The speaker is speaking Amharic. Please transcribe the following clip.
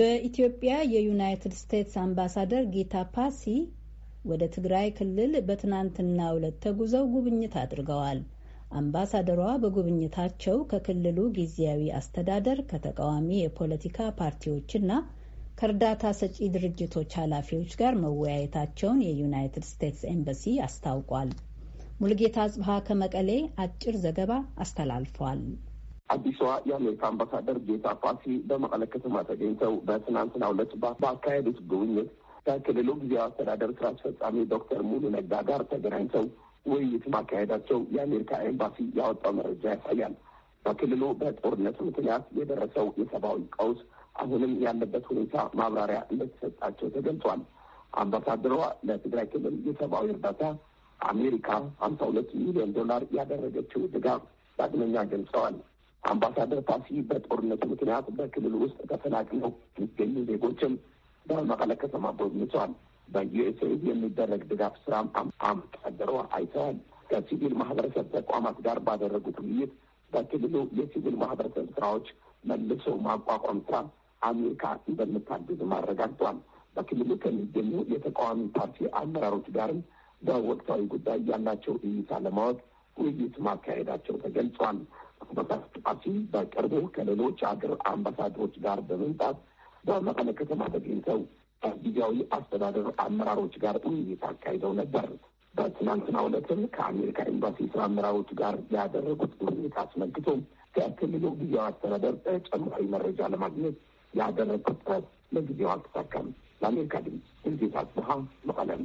በኢትዮጵያ የዩናይትድ ስቴትስ አምባሳደር ጊታ ፓሲ ወደ ትግራይ ክልል በትናንትና ዕለት ተጉዘው ጉብኝት አድርገዋል። አምባሳደሯ በጉብኝታቸው ከክልሉ ጊዜያዊ አስተዳደር ከተቃዋሚ የፖለቲካ ፓርቲዎችና ከእርዳታ ሰጪ ድርጅቶች ኃላፊዎች ጋር መወያየታቸውን የዩናይትድ ስቴትስ ኤምባሲ አስታውቋል። ሙልጌታ ጽብሃ ከመቀሌ አጭር ዘገባ አስተላልፏል። አዲሷ የአሜሪካ አምባሳደር ጌታ ፓሲ በመቀለ ከተማ ተገኝተው በትናንትናው ዕለት ባካሄዱት ጉብኝት ከክልሉ ጊዜያዊ አስተዳደር ስራ አስፈጻሚ ዶክተር ሙሉ ነጋ ጋር ተገናኝተው ውይይት ማካሄዳቸው የአሜሪካ ኤምባሲ ያወጣው መረጃ ያሳያል። በክልሉ በጦርነት ምክንያት የደረሰው የሰብአዊ ቀውስ አሁንም ያለበት ሁኔታ ማብራሪያ እንደተሰጣቸው ተገልጿል። አምባሳደሯ ለትግራይ ክልል የሰብአዊ እርዳታ አሜሪካ ሀምሳ ሁለት ሚሊዮን ዶላር ያደረገችው ድጋፍ ዳግመኛ ገልጸዋል። አምባሳደር ፓሲ በጦርነቱ ምክንያት በክልል ውስጥ ተፈናቅለው የሚገኙ ዜጎችም በመቀለ ከተማ ጎብኝተዋል። በዩኤስኤድ የሚደረግ ድጋፍ ስራም አምባሳደሩ አይተዋል። ከሲቪል ማህበረሰብ ተቋማት ጋር ባደረጉት ውይይት በክልሉ የሲቪል ማህበረሰብ ስራዎች መልሶ ማቋቋም ስራ አሜሪካ እንደምታግዝም አረጋግጧል። በክልሉ ከሚገኙ የተቃዋሚ ፓርቲ አመራሮች ጋርም በወቅታዊ ጉዳይ ያላቸው እይታ ለማወቅ ውይይት ማካሄዳቸው ተገልጿል። አብይ በቅርቡ ከሌሎች ሀገር አምባሳደሮች ጋር በመምጣት በመቀለ ከተማ ተገኝተው ከጊዜያዊ አስተዳደር አመራሮች ጋር ውይይት አካሂደው ነበር። በትናንትና ዕለትም ከአሜሪካ ኤምባሲ ስራ አመራሮች ጋር ያደረጉት ውይይት አስመልክቶ ከክልሉ ጊዜያዊ አስተዳደር ተጨማሪ መረጃ ለማግኘት ያደረጉት ጥረት ለጊዜው አልተሳካም። ለአሜሪካ ድምፅ እንዴት አስበሃ መቀለም